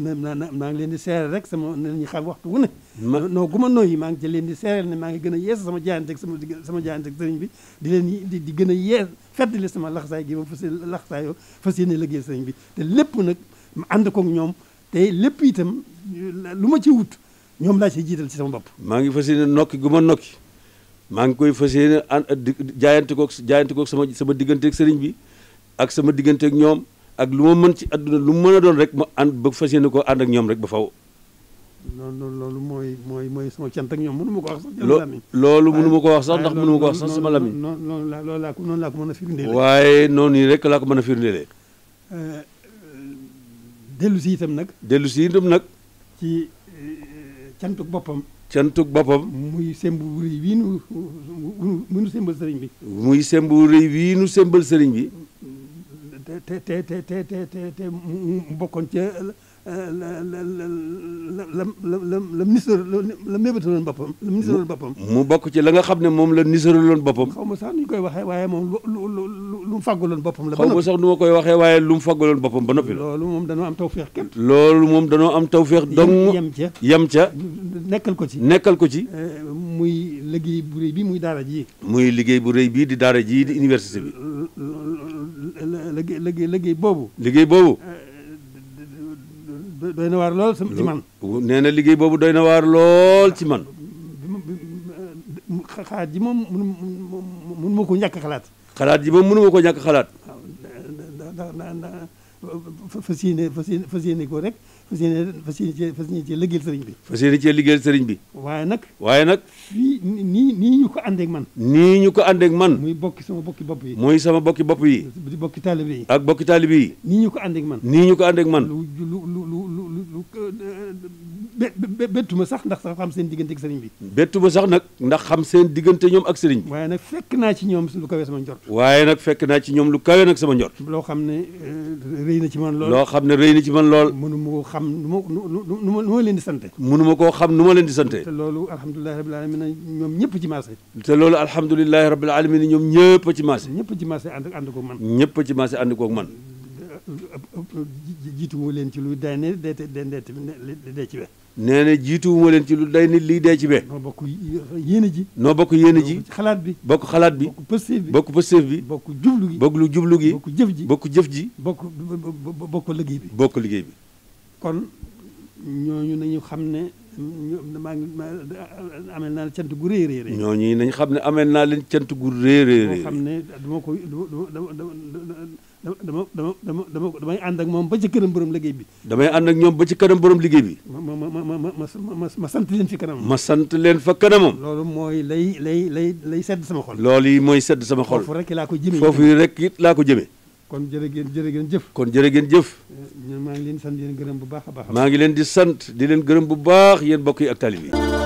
maa maa ngi leen di seeral rek sama nañu xam waxtu wu ne noo gu ma nooyi maa ngi ci leen di seeral ne maa ngi gën a yees sama jaayante ak sama sama jaayante ak sëriñ bi di leen di di gën a yees feddali sama laxasaay gi ba fas laxasaayoo fas yéene liggéey sëriñ bi lépp nag ma ànd koog ñoom te lépp itam lu ma ci wut ñoom laa ci jiital ci sama bopp maa ngi fas yéene nokki gu ma nokki maa ngi koy fas yéene jaayante koog jaayante koog sama sama diggante ak bi ak sama diggante ñoom ak lu ma mën ci àdduna lu mu mën a doon rek ma ànd ba fas yéene koo ànd ak ñoom rek ba faw loolu loolu mooy mooy mooy sama cant ak ñoom ma ko wax sax. loolu mënu ko wax sax ndax mënu ma ko wax sax sama lami. noonu la loolu laa ko noonu laa ko mën a firndeelee. waaye noonu yi rek laa ko mën a firndeelee. Euh, dellu si itam nag. dellu si itam nag. ci euh, cantuk boppam. cantuk boppam. muy sembu rëy wii nu bi. muy sembu rëy wii nu sembal sëriñ bi. te te te te te te mu bokkoon ca euh, la la la la la la ministre la mébétaloon boppam la ministre loon boppam mu bokk ci la nga xam ne moom la ministre loon boppam xaw ma sax nu ñu koy waxee waaye moom lu lu lu mu fàggaloon boppam la xaw ma sax nu ma koy waxee waaye lu mu fàggaloon boppam ba noppi la loolu moom danoo am tawfeex kenn loolu moom danoo am tawfeex dong yem ca yem ca nekkal ko ci nekkal ko ci euh, muy liggéey bu bi muy daara ji muy liggéey bu rëy bii di daara ji di université bi liggéey liggéey boobu. liggéey boobu. doy na waar lool ci man. nee na liggéey boobu doy na waar lool ci man. xalaat ji moom mënu ko ñàkk xalaat. xalaat ji moom mënu ko ñàkk xalaat. waaw da fas yéene ko rek. fas yéene fas yéene fas yéene cee liggéeyal sëriñ bi. fas yéene cee sëriñ bi. waaye nag. waaye nag. nii nii ñu ko àndeeg man. nii ñu ko àndeeg man. muy bokki sama bokki bopp yi. muy sama bokki bopp yi. di bokki taalibe yi. ak bokki taalibe yi. nii ñu ko àndeeg man. nii ñu ko àndeeg man. lu lu lu lu lu. bettuma sax ndax sax xam seen diggante ak sëriñ bi bettuma sax nag ndax xam seen diggante ñoom ak sëriñ bi waaye nag fekk naa ci ñoom lu kawe sama njort waaye nag fekk naa ci ñoom lu kawe nag sama njort loo xam ne eh, rëy na ci man lool loo xam ne rëy na ci man lool mënu ma koo xam nu ma nu ma leen di sante mënuma ma koo xam nu ma leen di sante te loolu alhamdulilahi rabbil alamin ñoom ñëpp ci marché te loolu alhamdulilahi rabbil alamin ñoom ñëpp ci marché ñëpp ci marché ànd ànd koog man ñëpp ci marché ànd koog man jiituwuma leen ci luy day ne dee dee ci be nee na leen ci lu day ne lii dee ci be noo bokk yéene ji noo bokk yéene ji xalaat bi bokk xalaat bi bokk pësteef bi bokk pësteef bi bokk jublu gi bokk jublu gi bokk jëf ji bokk jëf ji bokk bokk liggéey bi bokk liggéey kon ñooñu nañu xam ne maa ngi amel naa leen cant gu rëy rëy rëy ñooñu xam ne amel naa leen cant gu rëy dama dama dama dama damay ànd ak moom ba ci kanam borom liggéey bi. damay ànd ak ñoom ba ci kanam borom liggéey bi. ma ma ma ma ma ma sant leen fi kanam. ma sant leen fa kanamam. loolu mooy lay lay lay lay sedd sama xol. loolu yi mooy sedd sama xol. foofu rek laa ko jëmee foofu rek it laa ko jëmee. kon jërë ngeen jërë ngeen jëf. kon jërë ngeen jëf. Eh, maa ngi leen di sant di leen gërëm bu baax a baax. maa ngi leen di sant di leen gërëm bu baax yéen yi ak talib yi.